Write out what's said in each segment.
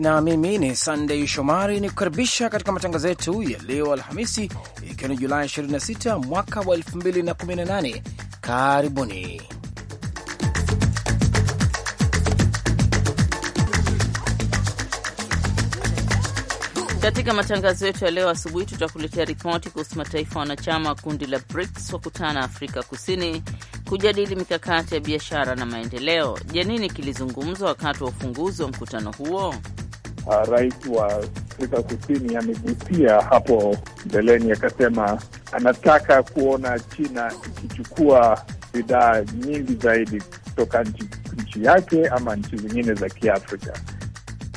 na mimi ni Sandey Shomari ni kukaribisha katika matangazo yetu ya leo Alhamisi, ikiwa ni Julai 26 mwaka wa 2018. Karibuni katika matangazo yetu ya leo asubuhi. Tutakuletea ripoti kuhusu mataifa wanachama wa kundi la BRICS wakutana Afrika Kusini kujadili mikakati ya biashara na maendeleo. Je, nini kilizungumzwa wakati wa ufunguzi wa mkutano huo? uh, rais wa Afrika Kusini amegusia hapo mbeleni, akasema anataka kuona China ikichukua bidhaa nyingi zaidi kutoka nchi, nchi yake ama nchi zingine za Kiafrika.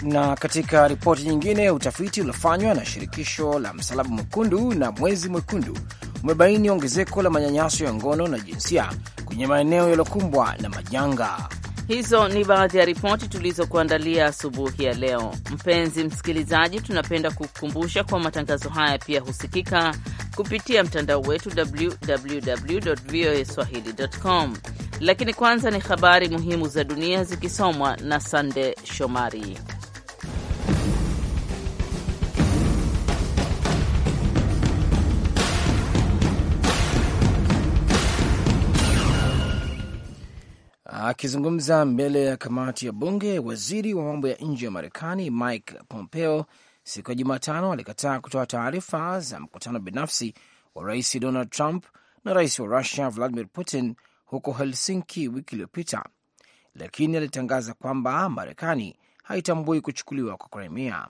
Na katika ripoti nyingine, utafiti uliofanywa na shirikisho la Msalaba Mwekundu na Mwezi Mwekundu umebaini ongezeko la manyanyaso ya ngono na jinsia kwenye maeneo yaliyokumbwa na majanga. Hizo ni baadhi ya ripoti tulizokuandalia asubuhi ya leo. Mpenzi msikilizaji, tunapenda kukukumbusha kwa matangazo haya pia husikika kupitia mtandao wetu www voa swahilcom Lakini kwanza ni habari muhimu za dunia zikisomwa na Sande Shomari. Akizungumza mbele ya kamati ya bunge, waziri wa mambo ya nje ya Marekani Mike Pompeo siku ya Jumatano alikataa kutoa taarifa za mkutano binafsi wa rais Donald Trump na rais wa Russia Vladimir Putin huko Helsinki wiki iliyopita, lakini alitangaza kwamba Marekani haitambui kuchukuliwa kwa Crimea.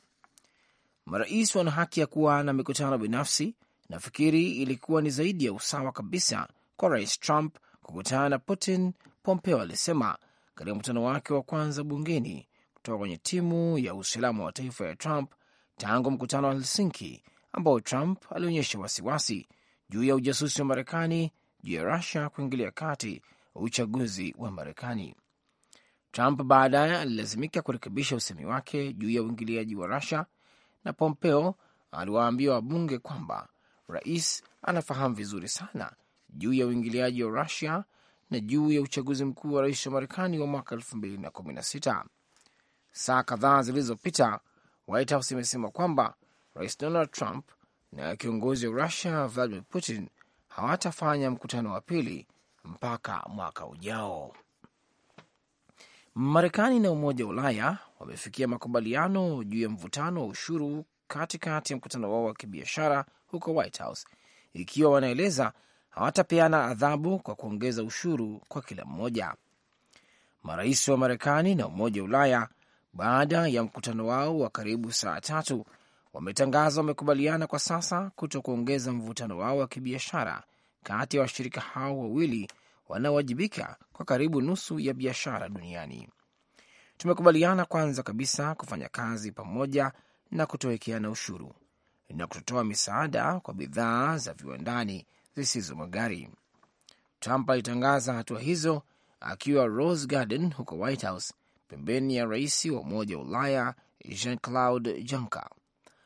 Marais wana haki ya kuwa na mikutano binafsi. Nafikiri ilikuwa ni zaidi ya usawa kabisa kwa rais Trump kukutana na Putin Pompeo alisema katika mkutano wake wa kwanza bungeni kutoka kwenye timu ya usalama wa taifa ya Trump tangu mkutano wa Helsinki ambao Trump alionyesha wasiwasi juu ya ujasusi wa Marekani juu ya Rusia kuingilia kati uchaguzi wa Marekani. Trump baadaye alilazimika kurekebisha usemi wake juu ya uingiliaji wa Rusia, na Pompeo aliwaambia wabunge kwamba rais anafahamu vizuri sana juu ya uingiliaji wa Rusia na juu ya uchaguzi mkuu wa rais wa Marekani wa mwaka 216 Saa kadhaa zilizopita, White House imesema kwamba rais Donald Trump na kiongozi wa Russia Vladimir Putin hawatafanya mkutano wa pili mpaka mwaka ujao. Marekani na Umoja wa Ulaya wamefikia makubaliano juu ya mvutano wa ushuru katikati ya mkutano wao wa kibiashara huko White House, ikiwa wanaeleza hawatapeana adhabu kwa kuongeza ushuru kwa kila mmoja. Marais wa Marekani na Umoja wa Ulaya baada ya mkutano wao wa karibu saa tatu wametangaza wamekubaliana kwa sasa kuto kuongeza mvutano wao wa kibiashara kati ya wa washirika hao wawili wanaowajibika kwa karibu nusu ya biashara duniani. Tumekubaliana kwanza kabisa kufanya kazi pamoja na kutowekeana ushuru na kutotoa misaada kwa bidhaa za viwandani zisizo magari. Trump alitangaza hatua hizo akiwa Rose Garden huko White House, pembeni ya rais wa Umoja wa Ulaya Jean Claude Juncker.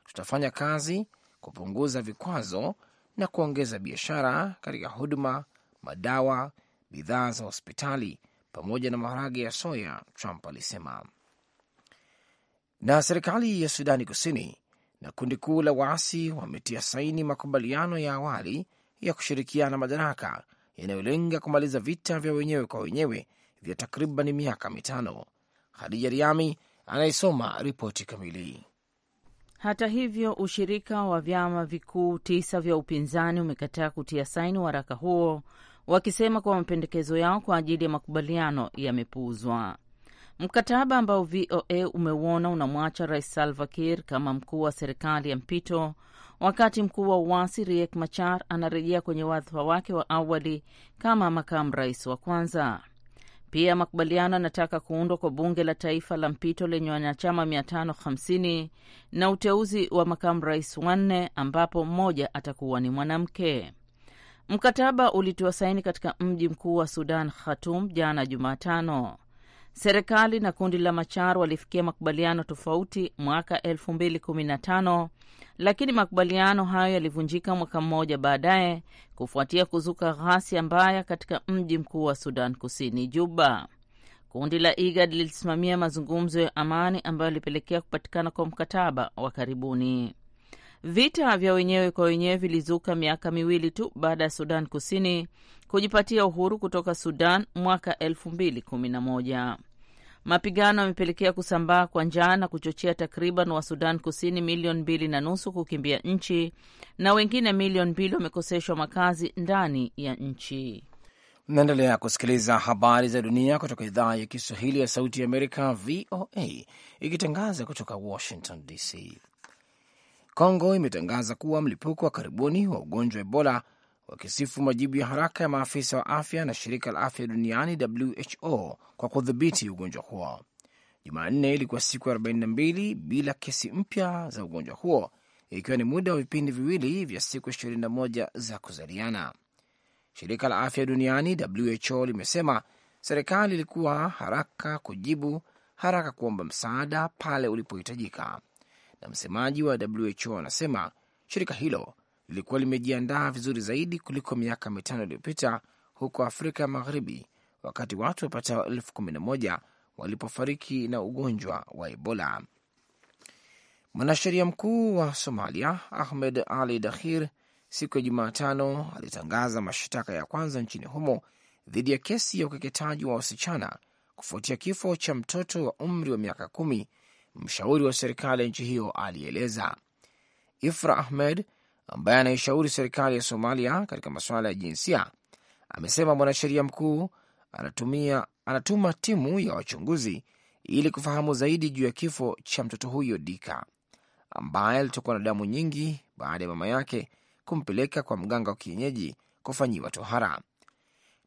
Tutafanya kazi kupunguza vikwazo na kuongeza biashara katika huduma, madawa, bidhaa za hospitali pamoja na maharage ya soya, Trump alisema. Na serikali ya Sudani Kusini na kundi kuu la waasi wametia saini makubaliano ya awali ya kushirikiana madaraka yanayolenga kumaliza vita vya wenyewe kwa wenyewe vya takriban miaka mitano. Hadija Riami anayesoma ripoti kamili. Hata hivyo, ushirika wa vyama vikuu tisa vya upinzani umekataa kutia saini waraka huo, wakisema kuwa mapendekezo yao kwa ajili ya makubaliano yamepuuzwa. Mkataba ambao VOA umeuona unamwacha Rais Salva Kiir kama mkuu wa serikali ya mpito wakati mkuu wa uasi Riek Machar anarejea kwenye wadhifa wake wa awali kama makamu rais wa kwanza. Pia makubaliano yanataka kuundwa kwa bunge la taifa la mpito lenye wanachama 550 na uteuzi wa makamu rais wanne, ambapo mmoja atakuwa ni mwanamke. Mkataba ulitiwa saini katika mji mkuu wa Sudan, Khartoum, jana Jumatano. Serikali na kundi la Machar walifikia makubaliano tofauti mwaka 2015 lakini makubaliano hayo yalivunjika mwaka mmoja baadaye kufuatia kuzuka ghasia mbaya katika mji mkuu wa Sudan Kusini, Juba. Kundi la IGAD lilisimamia mazungumzo ya amani ambayo yalipelekea kupatikana kwa mkataba wa karibuni. Vita vya wenyewe kwa wenyewe vilizuka miaka miwili tu baada ya Sudan Kusini kujipatia uhuru kutoka Sudan mwaka 2011. Mapigano yamepelekea kusambaa kwa njaa na kuchochea takriban wa Sudan Kusini milioni mbili na nusu kukimbia nchi na wengine milioni mbili wamekoseshwa makazi ndani ya nchi. naendelea kusikiliza habari za dunia kutoka idhaa ya Kiswahili ya Sauti ya Amerika, VOA, ikitangaza kutoka Washington DC. Kongo imetangaza kuwa mlipuko wa karibuni wa ugonjwa wa Ebola wakisifu majibu ya haraka ya maafisa wa afya na shirika la afya duniani WHO kwa kudhibiti ugonjwa huo. Jumanne ilikuwa siku 42 bila kesi mpya za ugonjwa huo, ikiwa ni muda wa vipindi viwili vya siku 21 za kuzaliana. Shirika la afya duniani WHO limesema serikali ilikuwa haraka kujibu, haraka kuomba msaada pale ulipohitajika, na msemaji wa WHO anasema shirika hilo lilikuwa limejiandaa vizuri zaidi kuliko miaka mitano iliyopita huko Afrika ya Magharibi, wakati watu wapatao elfu kumi na moja walipofariki na ugonjwa wa Ebola. Mwanasheria mkuu wa Somalia Ahmed Ali Dahir siku ya Jumatano alitangaza mashtaka ya kwanza nchini humo dhidi ya kesi ya ukeketaji wa wasichana kufuatia kifo cha mtoto wa umri wa miaka kumi. Mshauri wa serikali ya nchi hiyo alieleza. Ifra Ahmed ambaye anaishauri serikali ya Somalia katika masuala ya jinsia, amesema mwanasheria mkuu anatumia, anatuma timu ya wachunguzi ili kufahamu zaidi juu ya kifo cha mtoto huyo Dika ambaye alitokwa na damu nyingi baada ya mama yake kumpeleka kwa mganga wa kienyeji kufanyiwa tohara.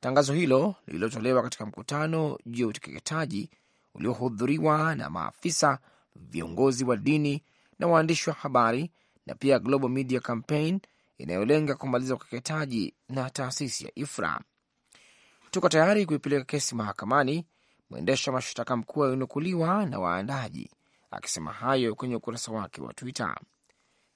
Tangazo hilo lililotolewa katika mkutano juu ya utekeketaji uliohudhuriwa na maafisa, viongozi wa dini na waandishi wa habari na pia Global Media Campaign inayolenga kumaliza ukeketaji na taasisi ya IFRA. Tuko tayari kuipeleka kesi mahakamani, mwendesha mashtaka mkuu aliyonukuliwa na waandaji akisema hayo kwenye ukurasa wake wa Twitter.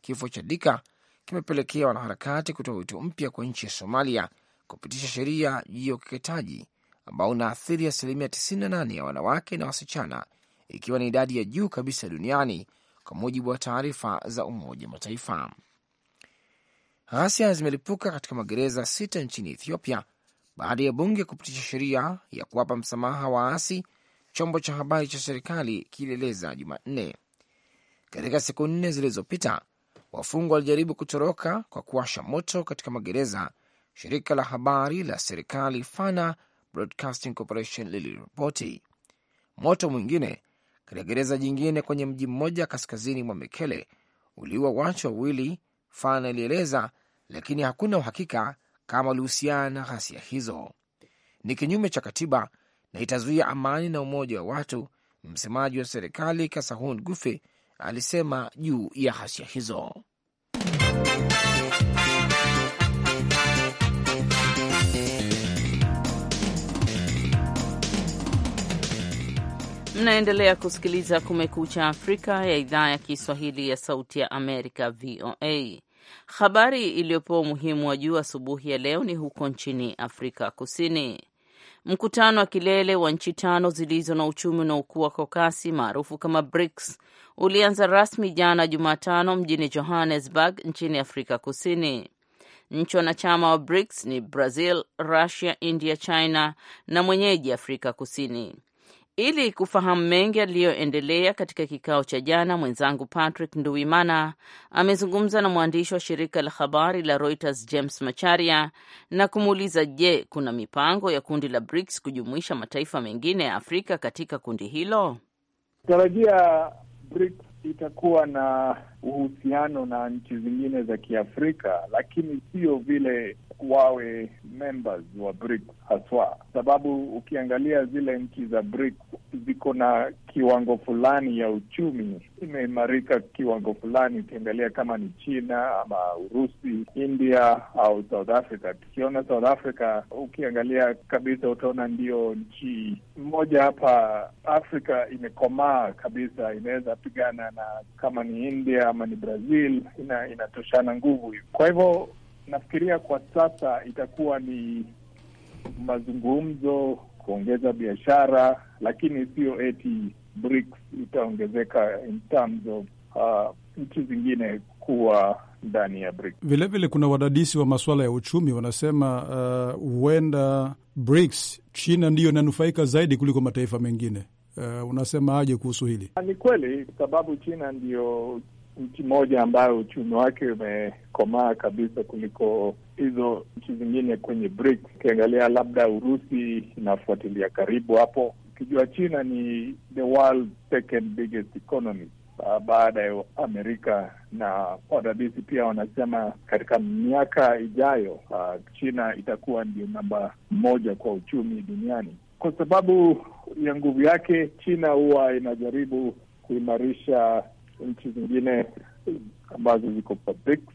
Kifo cha Dika kimepelekea wanaharakati kutoa wito mpya kwa nchi ya Somalia kupitisha sheria juu ya ukeketaji ambao unaathiri asilimia 98 ya wanawake na wasichana, ikiwa ni idadi ya juu kabisa duniani kwa mujibu wa taarifa za Umoja Mataifa. Ghasia zimelipuka katika magereza sita nchini Ethiopia baada ya bunge kupitisha sheria ya kuwapa msamaha waasi, chombo cha habari cha serikali kilieleza Jumanne. Katika siku nne zilizopita, wafungwa walijaribu kutoroka kwa kuwasha moto katika magereza, shirika la habari la serikali Fana Broadcasting Corporation liliripoti. Moto mwingine katika gereza jingine kwenye mji mmoja kaskazini mwa Mekele uliua watu wawili, Fan alieleza, lakini hakuna uhakika kama ulihusiana na ghasia hizo. Ni kinyume cha katiba na itazuia amani na umoja wa watu, msemaji wa serikali Kasahun Gufe alisema juu ya ghasia hizo. Mnaendelea kusikiliza Kumekucha Afrika ya idhaa ya Kiswahili ya Sauti ya Amerika, VOA. Habari iliyopewa umuhimu wa juu asubuhi ya leo ni huko nchini Afrika Kusini. Mkutano wa kilele wa nchi tano zilizo na uchumi unaokuwa kwa kasi maarufu kama BRICS ulianza rasmi jana Jumatano mjini Johannesburg nchini Afrika Kusini. Nchi wanachama wa BRICS ni Brazil, Russia, India, China na mwenyeji Afrika Kusini. Ili kufahamu mengi yaliyoendelea katika kikao cha jana, mwenzangu Patrick Nduwimana amezungumza na mwandishi wa shirika la habari la Reuters James Macharia na kumuuliza, je, kuna mipango ya kundi la BRICS kujumuisha mataifa mengine ya Afrika katika kundi hilo? Tarajia BRICS itakuwa na uhusiano na nchi zingine za Kiafrika, lakini sio vile wawe members wa BRICS haswa, sababu ukiangalia zile nchi za BRICS ziko na kiwango fulani ya uchumi imeimarika kiwango fulani, ukiangalia kama ni China ama Urusi, India au South Africa. Tukiona South Africa, ukiangalia kabisa utaona ndio nchi moja hapa Afrika imekomaa kabisa, inaweza pigana na kama ni India kama ni Brazil ina, inatoshana nguvu hiyo. Kwa hivyo nafikiria kwa sasa itakuwa ni mazungumzo kuongeza biashara, lakini sio eti BRICS itaongezeka in terms of uh, nchi zingine kuwa ndani ya BRICS. vile kuna wadadisi wa masuala ya uchumi wanasema uh, huenda uh, BRICS China ndiyo inanufaika zaidi kuliko mataifa mengine. Uh, unasema aje kuhusu hili? Ni kweli, sababu China ndiyo nchi moja ambayo uchumi wake umekomaa kabisa kuliko hizo nchi zingine kwenye BRICS. Ukiangalia labda Urusi inafuatilia karibu hapo, ukijua China ni the world second biggest economy baada ya Amerika na wadadisi pia wanasema katika miaka ijayo China itakuwa ndio namba moja kwa uchumi duniani. Kwa sababu ya nguvu yake, China huwa inajaribu kuimarisha nchi zingine ambazo ziko kwa BRICS.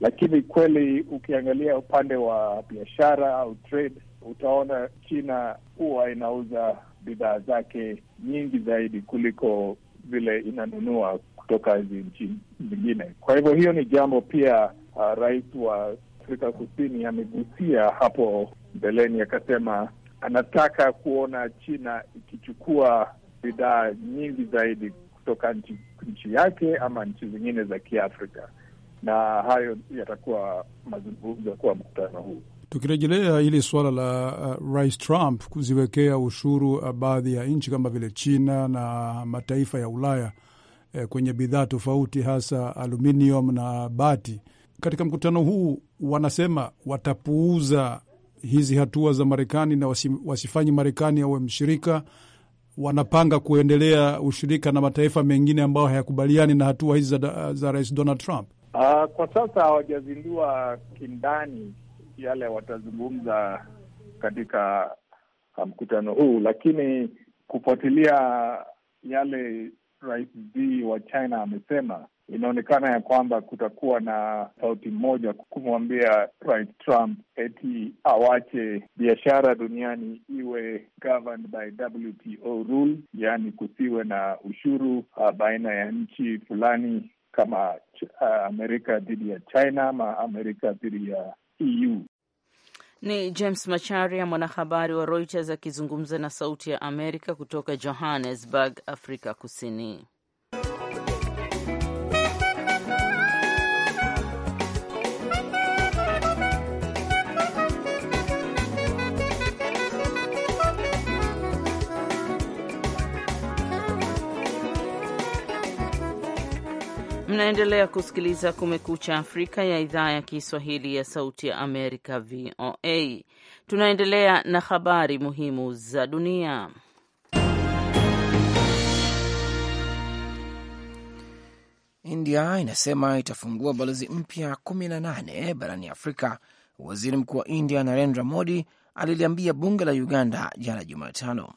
Lakini kweli ukiangalia upande wa biashara au trade, utaona China huwa inauza bidhaa zake nyingi zaidi kuliko vile inanunua kutoka hizi nchi zingine. Kwa hivyo hiyo ni jambo pia, uh, rais wa Afrika Kusini amegusia hapo mbeleni, akasema anataka kuona China ikichukua bidhaa nyingi zaidi kutoka nchi nchi yake ama nchi zingine za Kiafrika, na hayo yatakuwa mazungumzo kwa mkutano huu. Tukirejelea hili suala la uh, Rais Trump kuziwekea ushuru uh, baadhi ya nchi kama vile China na mataifa ya Ulaya eh, kwenye bidhaa tofauti, hasa aluminium na bati. Katika mkutano huu wanasema watapuuza hizi hatua za Marekani na wasi, wasifanyi Marekani awe mshirika wanapanga kuendelea ushirika na mataifa mengine ambayo hayakubaliani na hatua hizi za, za Rais Donald Trump? Uh, kwa sasa hawajazindua kindani yale watazungumza katika ah, mkutano huu, lakini kufuatilia yale Rais wa China amesema inaonekana ya kwamba kutakuwa na sauti moja kumwambia Rais Trump eti awache biashara duniani iwe governed by WTO rule, yaani kusiwe na ushuru uh, baina ya nchi fulani kama uh, Amerika dhidi ya China ama Amerika dhidi ya EU. Ni James Macharia, mwanahabari wa Reuters akizungumza na Sauti ya Amerika kutoka Johannesburg, Afrika Kusini. Mnaendelea kusikiliza Kumekucha Afrika ya idhaa ya Kiswahili ya Sauti ya Amerika, VOA. Tunaendelea na habari muhimu za dunia. India inasema itafungua balozi mpya 18 barani Afrika. Waziri Mkuu wa India Narendra Modi aliliambia bunge la Uganda jana Jumatano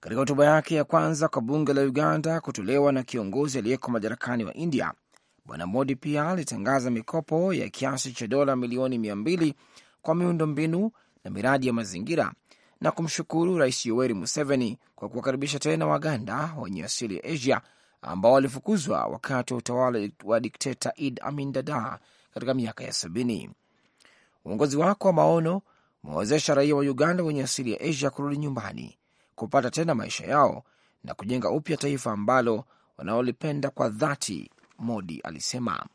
katika hotuba yake ya kwanza kwa bunge la Uganda kutolewa na kiongozi aliyeko madarakani wa India, Bwana Modi pia alitangaza mikopo ya kiasi cha dola milioni mia mbili kwa miundo mbinu na miradi ya mazingira na kumshukuru Rais Yoweri Museveni kwa kuwakaribisha tena Waganda wenye asili ya Asia ambao walifukuzwa wakati wa utawala wa dikteta id Amin Dada katika miaka ya sabini. Uongozi wako wa maono umewawezesha raia wa Uganda wenye asili ya Asia kurudi nyumbani kupata tena maisha yao na kujenga upya taifa ambalo wanaolipenda kwa dhati, Modi alisema.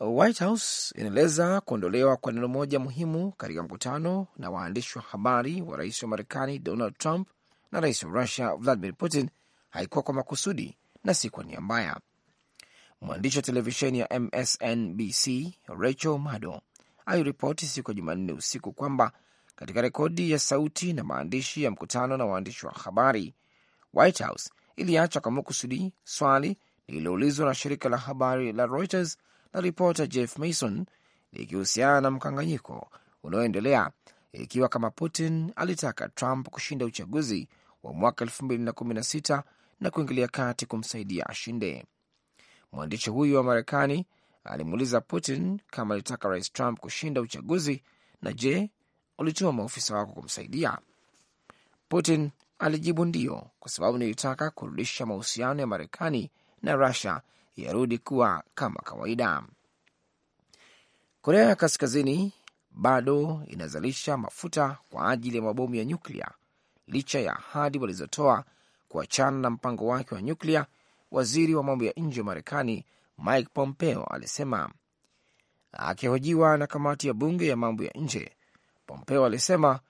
White House inaeleza kuondolewa kwa neno moja muhimu katika mkutano na waandishi wa habari wa rais wa Marekani Donald Trump na rais wa Russia Vladimir Putin haikuwa kwa makusudi na si kwa nia mbaya. Mwandishi wa televisheni ya MSNBC Rachel Maddow aliripoti siku ya Jumanne usiku kwamba katika rekodi ya sauti na maandishi ya mkutano na waandishi wa habari, White House iliacha kwa makusudi swali lililoulizwa na shirika la habari la Reuters na ripota Jeff Mason likihusiana na mkanganyiko unaoendelea ikiwa kama Putin alitaka Trump kushinda uchaguzi wa mwaka 2016 na kuingilia kati kumsaidia ashinde. Mwandishi huyu wa Marekani alimuuliza Putin kama alitaka rais Trump kushinda uchaguzi na je, ulituma maofisa wako kumsaidia? Putin alijibu ndio kwa sababu nilitaka kurudisha mahusiano ya Marekani na Rusia yarudi kuwa kama kawaida. Korea ya Kaskazini bado inazalisha mafuta kwa ajili ya mabomu ya nyuklia licha ya ahadi walizotoa kuachana na mpango wake wa nyuklia. Waziri wa mambo ya nje wa Marekani Mike Pompeo alisema akihojiwa na kamati ya bunge ya mambo ya nje Pompeo alisema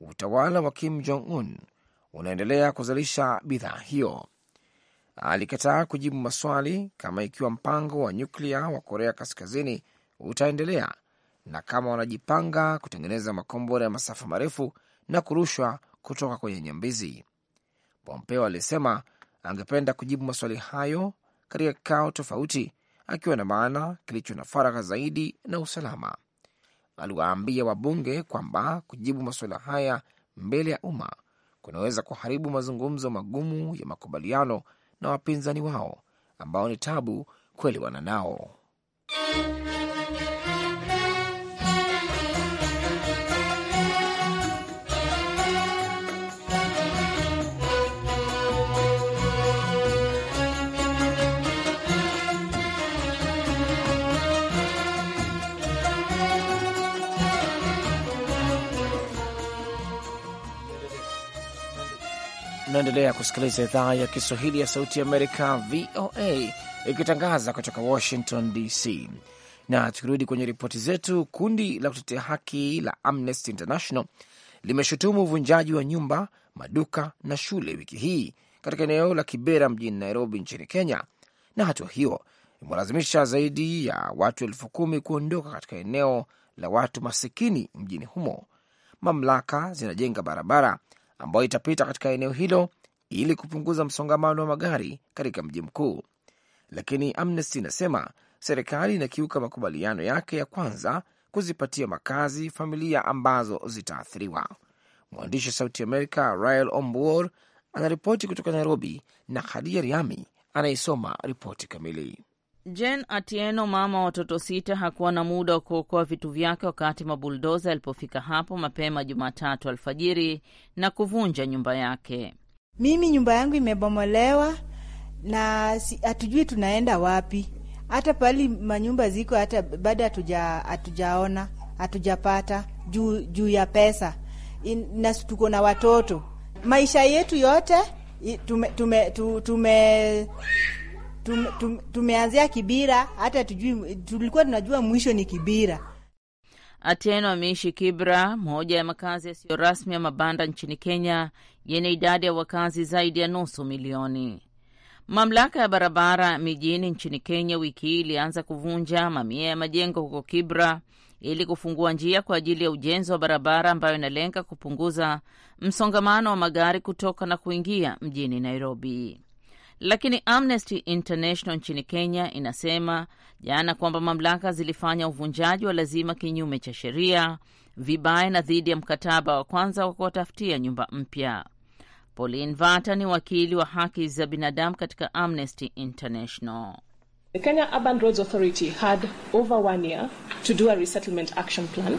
utawala wa Kim Jong Un unaendelea kuzalisha bidhaa hiyo. Alikataa kujibu maswali kama ikiwa mpango wa nyuklia wa Korea Kaskazini utaendelea na kama wanajipanga kutengeneza makombora ya masafa marefu na kurushwa kutoka kwenye nyambizi. Pompeo alisema angependa kujibu maswali hayo katika kikao tofauti, akiwa na maana kilicho na faragha zaidi na usalama aliwaambia wabunge kwamba kujibu masuala haya mbele ya umma kunaweza kuharibu mazungumzo magumu ya makubaliano na wapinzani wao ambao ni tabu kuelewana nao. Unaendelea kusikiliza idhaa ya Kiswahili ya Sauti ya Amerika, VOA, ikitangaza kutoka Washington DC. Na tukirudi kwenye ripoti zetu, kundi la kutetea haki la Amnesty International limeshutumu uvunjaji wa nyumba, maduka na shule wiki hii katika eneo la Kibera mjini Nairobi nchini Kenya, na hatua hiyo imelazimisha zaidi ya watu elfu kumi kuondoka katika eneo la watu masikini mjini humo. Mamlaka zinajenga barabara ambayo itapita katika eneo hilo ili kupunguza msongamano wa magari katika mji mkuu. Lakini Amnesty inasema serikali inakiuka makubaliano yake ya kwanza kuzipatia makazi familia ambazo zitaathiriwa. Mwandishi wa Sauti Amerika Rael Ombuor anaripoti kutoka Nairobi na Khadija Riami anaisoma ripoti kamili. Jen Atieno, mama wa watoto sita, hakuwa na muda wa kuokoa vitu vyake wakati mabuldoza yalipofika hapo mapema Jumatatu alfajiri na kuvunja nyumba yake. Mimi nyumba yangu imebomolewa na hatujui tunaenda wapi, hata pahali manyumba ziko hata bado hatujaona, hatujapata juu, juu ya pesa na tuko na watoto. Maisha yetu yote tume, tume, tume, tume Tum, tum, tumeanzia Kibira, hata tujui, tulikuwa tunajua mwisho ni Kibira. Ateno ameishi Kibra, moja ya makazi yasiyo rasmi ya mabanda nchini Kenya yenye idadi ya wakazi zaidi ya nusu milioni. Mamlaka ya barabara mijini nchini Kenya wiki hii ilianza kuvunja mamia ya majengo huko Kibra ili kufungua njia kwa ajili ya ujenzi wa barabara ambayo inalenga kupunguza msongamano wa magari kutoka na kuingia mjini Nairobi. Lakini Amnesty International nchini Kenya inasema jana kwamba mamlaka zilifanya uvunjaji wa lazima kinyume cha sheria, vibaya na dhidi ya mkataba wa kwanza wa kuwatafutia nyumba mpya. Pauline Vata ni wakili wa haki za binadamu katika Amnesty International. The Kenya Urban Roads Authority had over one year to do a resettlement action plan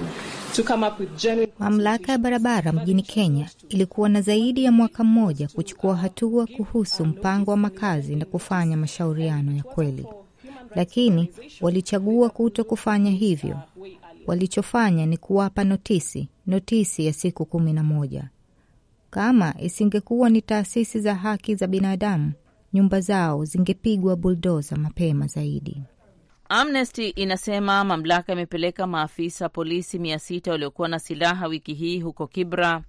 to come up with genuine... Mamlaka ya barabara mjini Kenya ilikuwa na zaidi ya mwaka mmoja kuchukua hatua kuhusu mpango wa makazi na kufanya mashauriano ya kweli, lakini walichagua kuto kufanya hivyo. Walichofanya ni kuwapa notisi, notisi ya siku kumi na moja. Kama isingekuwa ni taasisi za haki za binadamu nyumba zao zingepigwa buldoza mapema zaidi. Amnesty inasema mamlaka imepeleka maafisa polisi mia sita waliokuwa na silaha wiki hii huko Kibra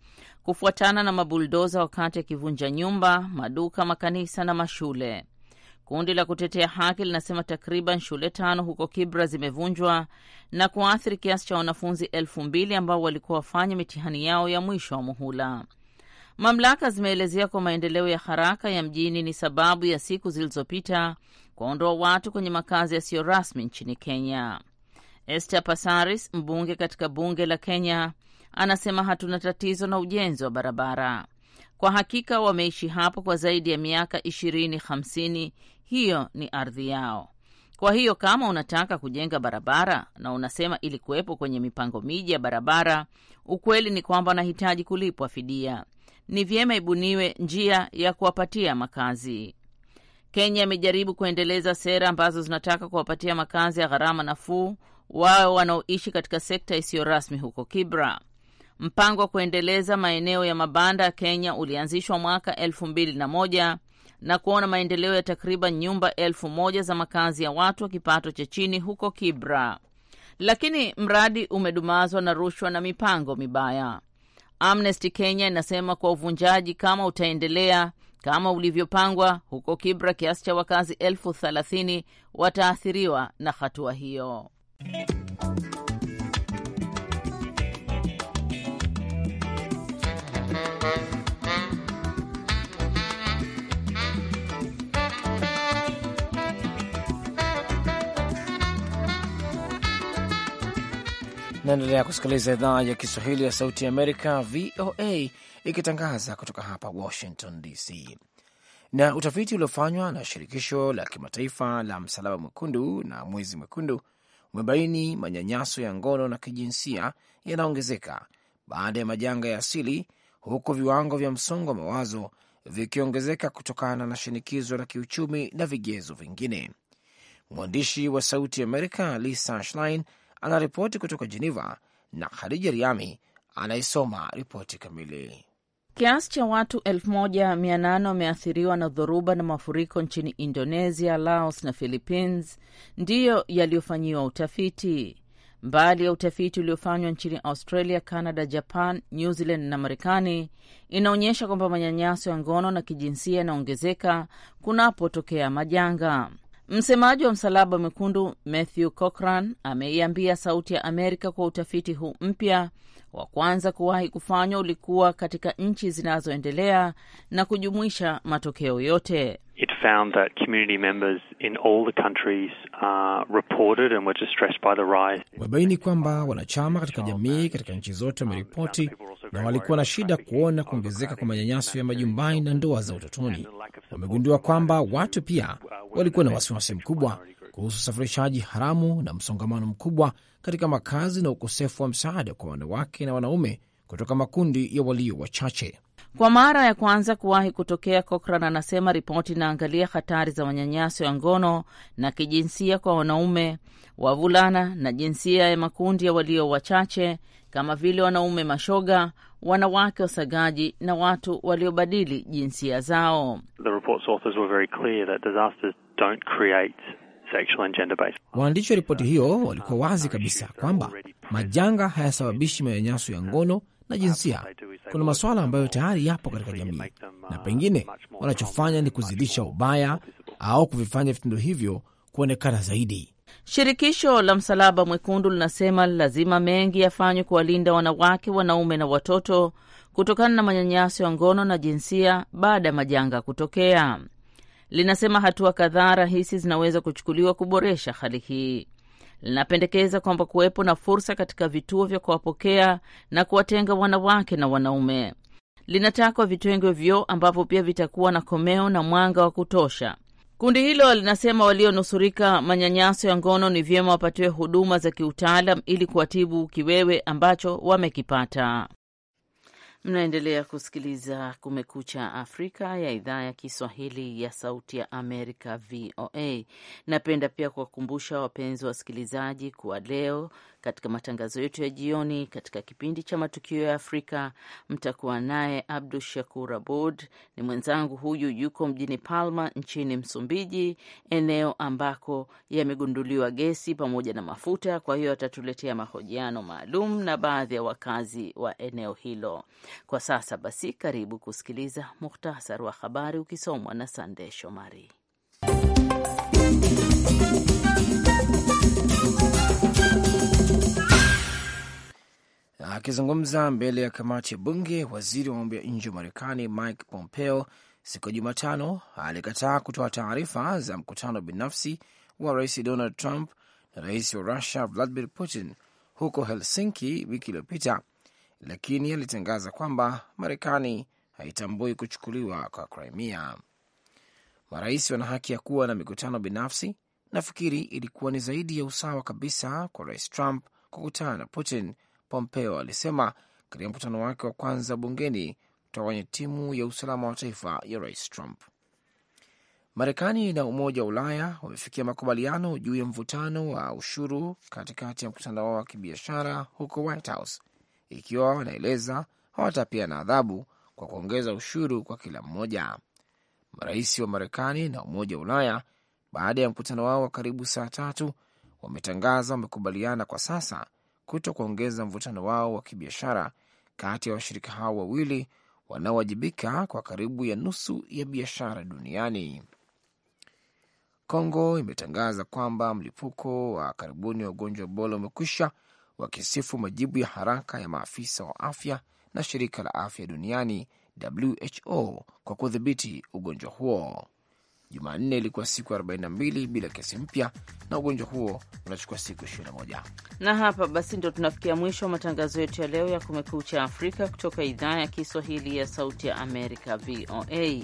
kufuatana na mabuldoza wakati akivunja nyumba, maduka, makanisa na mashule. Kundi la kutetea haki linasema takriban shule tano huko Kibra zimevunjwa na kuathiri kiasi cha wanafunzi elfu mbili ambao walikuwa wafanya mitihani yao ya mwisho wa muhula. Mamlaka zimeelezea kwa maendeleo ya haraka ya mjini ni sababu ya siku zilizopita kuwaondoa watu kwenye makazi yasiyo rasmi nchini Kenya. Esther Passaris, mbunge katika bunge la Kenya, anasema hatuna tatizo na ujenzi wa barabara. Kwa hakika wameishi hapo kwa zaidi ya miaka ishirini hamsini. Hiyo ni ardhi yao. Kwa hiyo kama unataka kujenga barabara na unasema ili kuwepo kwenye mipango miji ya barabara, ukweli ni kwamba wanahitaji kulipwa fidia ni vyema ibuniwe njia ya kuwapatia makazi. Kenya imejaribu kuendeleza sera ambazo zinataka kuwapatia makazi ya gharama nafuu wao wanaoishi katika sekta isiyo rasmi huko Kibra. Mpango wa kuendeleza maeneo ya mabanda ya Kenya ulianzishwa mwaka elfu mbili na moja na kuona maendeleo ya takriban nyumba elfu moja za makazi ya watu wa kipato cha chini huko Kibra, lakini mradi umedumazwa na rushwa na mipango mibaya. Amnesty Kenya inasema kuwa uvunjaji kama utaendelea kama ulivyopangwa huko Kibra, kiasi cha wakazi elfu thelathini wataathiriwa na hatua hiyo. Naendelea kusikiliza idhaa ya Kiswahili ya Sauti ya Amerika, VOA, ikitangaza kutoka hapa Washington DC. Na utafiti uliofanywa na Shirikisho la Kimataifa la Msalaba Mwekundu na Mwezi Mwekundu umebaini manyanyaso ya ngono na kijinsia yanaongezeka baada ya majanga ya asili, huku viwango vya msongo wa mawazo vikiongezeka kutokana na shinikizo la kiuchumi na vigezo vingine. Mwandishi wa Sauti Amerika Lisa Schlein anaripoti kutoka Geneva na Khadija Riami anaisoma ripoti kamili. Kiasi cha watu 1800 wameathiriwa na dhoruba na mafuriko nchini Indonesia, Laos na Philippines ndiyo yaliyofanyiwa utafiti. Mbali ya utafiti uliofanywa nchini Australia, Canada, Japan, New Zealand na Marekani, inaonyesha kwamba manyanyaso ya ngono na kijinsia yanaongezeka kunapotokea majanga. Msemaji wa Msalaba Mwekundu Matthew Cochran ameiambia Sauti ya Amerika kwa utafiti huu mpya wa kwanza kuwahi kufanywa ulikuwa katika nchi zinazoendelea na kujumuisha matokeo yote. It found that community members in all the countries uh, reported and were distressed by the rise. Wabaini kwamba wanachama katika jamii katika nchi zote wameripoti na walikuwa na shida kuona kuongezeka kwa manyanyaso ya majumbani na ndoa za utotoni. Wamegundua kwamba watu pia walikuwa na wasiwasi mkubwa kuhusu usafirishaji haramu na msongamano mkubwa katika makazi na ukosefu wa msaada kwa wanawake na wanaume kutoka makundi ya walio wachache. Kwa mara ya kwanza kuwahi kutokea, Cochrane anasema ripoti inaangalia hatari za manyanyaso ya ngono na kijinsia kwa wanaume, wavulana na jinsia ya makundi ya walio wachache kama vile wanaume mashoga, wanawake wasagaji na watu waliobadili jinsia zao. The report's authors were very clear that disasters don't create Waandishi wa ripoti hiyo walikuwa wazi kabisa kwamba majanga hayasababishi manyanyaso ya ngono na jinsia. Kuna masuala ambayo tayari yapo katika jamii, na pengine wanachofanya ni kuzidisha ubaya au kuvifanya vitendo hivyo kuonekana zaidi. Shirikisho la Msalaba Mwekundu linasema lazima mengi yafanywe kuwalinda wanawake, wanaume na watoto kutokana na manyanyaso ya ngono na jinsia baada ya majanga kutokea linasema hatua kadhaa rahisi zinaweza kuchukuliwa kuboresha hali hii. Linapendekeza kwamba kuwepo na fursa katika vituo vya kuwapokea na kuwatenga wanawake na wanaume. linatakwa vitengwe vyoo ambavyo pia vitakuwa na komeo na mwanga wa kutosha. Kundi hilo linasema walionusurika manyanyaso ya ngono ni vyema wapatiwe huduma za kiutaalam ili kuwatibu kiwewe ambacho wamekipata. Mnaendelea kusikiliza Kumekucha Afrika ya idhaa ya Kiswahili ya Sauti ya Amerika, VOA. Napenda pia kuwakumbusha wapenzi wa wasikilizaji kuwa leo katika matangazo yetu ya jioni. Katika kipindi cha matukio ya Afrika mtakuwa naye Abdu Shakur Abud, ni mwenzangu huyu, yuko mjini Palma nchini Msumbiji, eneo ambako yamegunduliwa gesi pamoja na mafuta. Kwa hiyo atatuletea mahojiano maalum na baadhi ya wakazi wa eneo hilo. Kwa sasa basi, karibu kusikiliza muhtasar wa habari ukisomwa na Sande Shomari. Akizungumza mbele ya kamati ya bunge, waziri wa mambo ya nje wa Marekani Mike Pompeo siku ya Jumatano alikataa kutoa taarifa za mkutano binafsi wa rais Donald Trump na rais wa Russia Vladimir Putin huko Helsinki wiki iliyopita, lakini alitangaza kwamba Marekani haitambui kuchukuliwa kwa Crimea. Marais wana haki ya kuwa na mikutano binafsi. Nafikiri ilikuwa ni zaidi ya usawa kabisa kwa rais Trump kukutana na Putin Pompeo alisema katika mkutano wake wa kwanza bungeni kutoka kwenye timu ya usalama wa taifa ya Rais Trump. Marekani na Umoja wa Ulaya wamefikia makubaliano juu ya mvutano wa ushuru katikati ya mkutano wao wa kibiashara huko White House, ikiwa wanaeleza hawatapia na adhabu kwa kuongeza ushuru kwa kila mmoja. Marais wa Marekani na Umoja wa Ulaya, baada ya mkutano wao wa karibu saa tatu, wametangaza wamekubaliana kwa sasa kuto kuongeza mvutano wao wa kibiashara kati ya washirika hao wawili wanaowajibika kwa karibu ya nusu ya biashara duniani. Kongo imetangaza kwamba mlipuko wa karibuni wa ugonjwa wa Ebola umekwisha, wakisifu majibu ya haraka ya maafisa wa afya na shirika la afya duniani WHO kwa kudhibiti ugonjwa huo. Jumanne ilikuwa siku 42 bila kesi mpya, na ugonjwa huo unachukua siku 21. Na hapa basi ndo tunafikia mwisho wa matangazo yetu ya leo ya Kumekucha Afrika kutoka idhaa ya Kiswahili ya Sauti ya Amerika, VOA.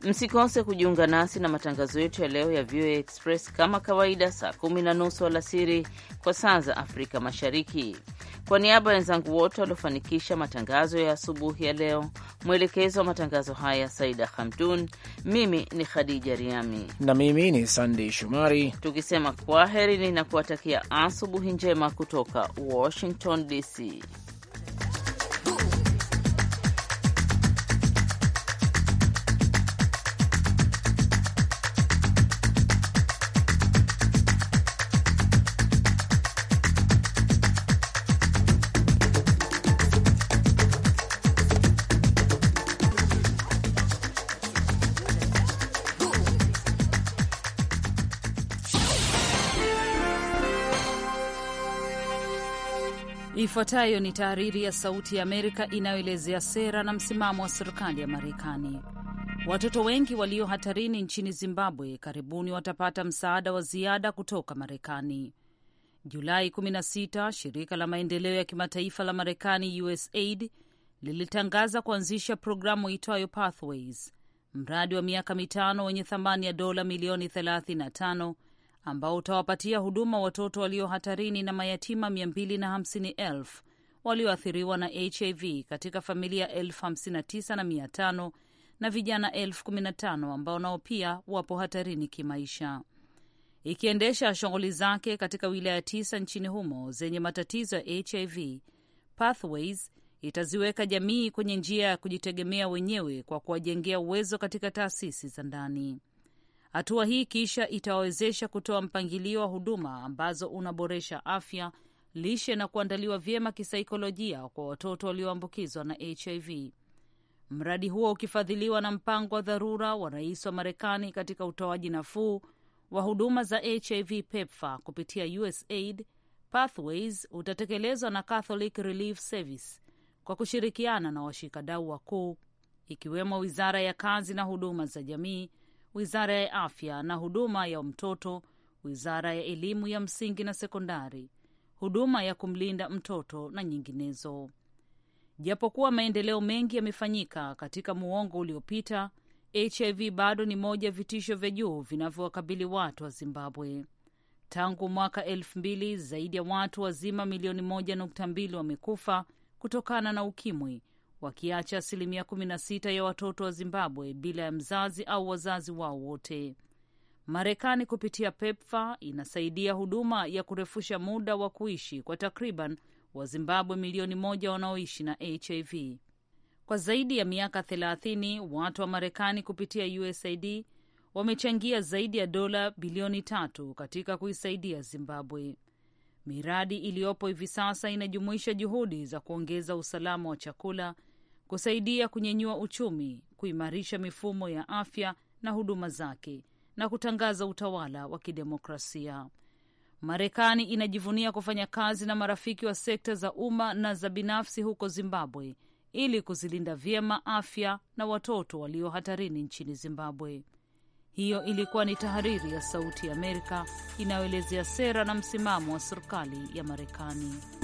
Msikose kujiunga nasi na matangazo yetu ya leo ya VOA Express kama kawaida, saa kumi na nusu alasiri kwa saa za Afrika Mashariki. Kwa niaba ya wenzangu wote waliofanikisha matangazo ya asubuhi ya leo, mwelekezi wa matangazo haya Saida Hamdun, mimi ni Khadija Riami na mimi ni Sandey Shumari, tukisema kwaheri, na kuwatakia asubuhi njema kutoka Washington DC. Ifuatayo ni tahariri ya Sauti ya Amerika inayoelezea sera na msimamo wa serikali ya Marekani. Watoto wengi walio hatarini nchini Zimbabwe karibuni watapata msaada wa ziada kutoka Marekani. Julai 16, shirika la maendeleo ya kimataifa la Marekani, USAID, lilitangaza kuanzisha programu itwayo Pathways, mradi wa miaka mitano wenye thamani ya dola milioni 35 ambao utawapatia huduma watoto walio hatarini na mayatima 250,000 walioathiriwa na HIV katika familia 59,500 na na vijana 15,000 ambao nao pia wapo hatarini kimaisha. Ikiendesha shughuli zake katika wilaya tisa nchini humo zenye matatizo ya HIV, Pathways itaziweka jamii kwenye njia ya kujitegemea wenyewe kwa kuwajengea uwezo katika taasisi za ndani. Hatua hii kisha itawawezesha kutoa mpangilio wa huduma ambazo unaboresha afya, lishe na kuandaliwa vyema kisaikolojia kwa watoto walioambukizwa na HIV. Mradi huo ukifadhiliwa na mpango wa dharura wa rais wa Marekani katika utoaji nafuu wa huduma za HIV pepfa kupitia USAID Pathways utatekelezwa na Catholic Relief Service kwa kushirikiana na washikadau wakuu ikiwemo Wizara ya Kazi na Huduma za Jamii, wizara ya afya na huduma ya mtoto, wizara ya elimu ya msingi na sekondari, huduma ya kumlinda mtoto na nyinginezo. Japokuwa maendeleo mengi yamefanyika katika muongo uliopita, HIV bado ni moja ya vitisho vya juu vinavyowakabili watu wa Zimbabwe. Tangu mwaka elfu mbili zaidi ya watu wazima milioni moja nukta mbili wamekufa kutokana na ukimwi wakiacha asilimia 16 ya watoto wa Zimbabwe bila ya mzazi au wazazi wao wote. Marekani kupitia pepfa inasaidia huduma ya kurefusha muda wa kuishi kwa takriban Wazimbabwe milioni moja wanaoishi na HIV. Kwa zaidi ya miaka 30 watu wa Marekani kupitia USAID wamechangia zaidi ya dola bilioni tatu katika kuisaidia Zimbabwe. Miradi iliyopo hivi sasa inajumuisha juhudi za kuongeza usalama wa chakula, kusaidia kunyanyua uchumi, kuimarisha mifumo ya afya na huduma zake na kutangaza utawala wa kidemokrasia. Marekani inajivunia kufanya kazi na marafiki wa sekta za umma na za binafsi huko Zimbabwe ili kuzilinda vyema afya na watoto walio hatarini nchini Zimbabwe. Hiyo ilikuwa ni tahariri ya Sauti ya Amerika inayoelezea sera na msimamo wa serikali ya Marekani.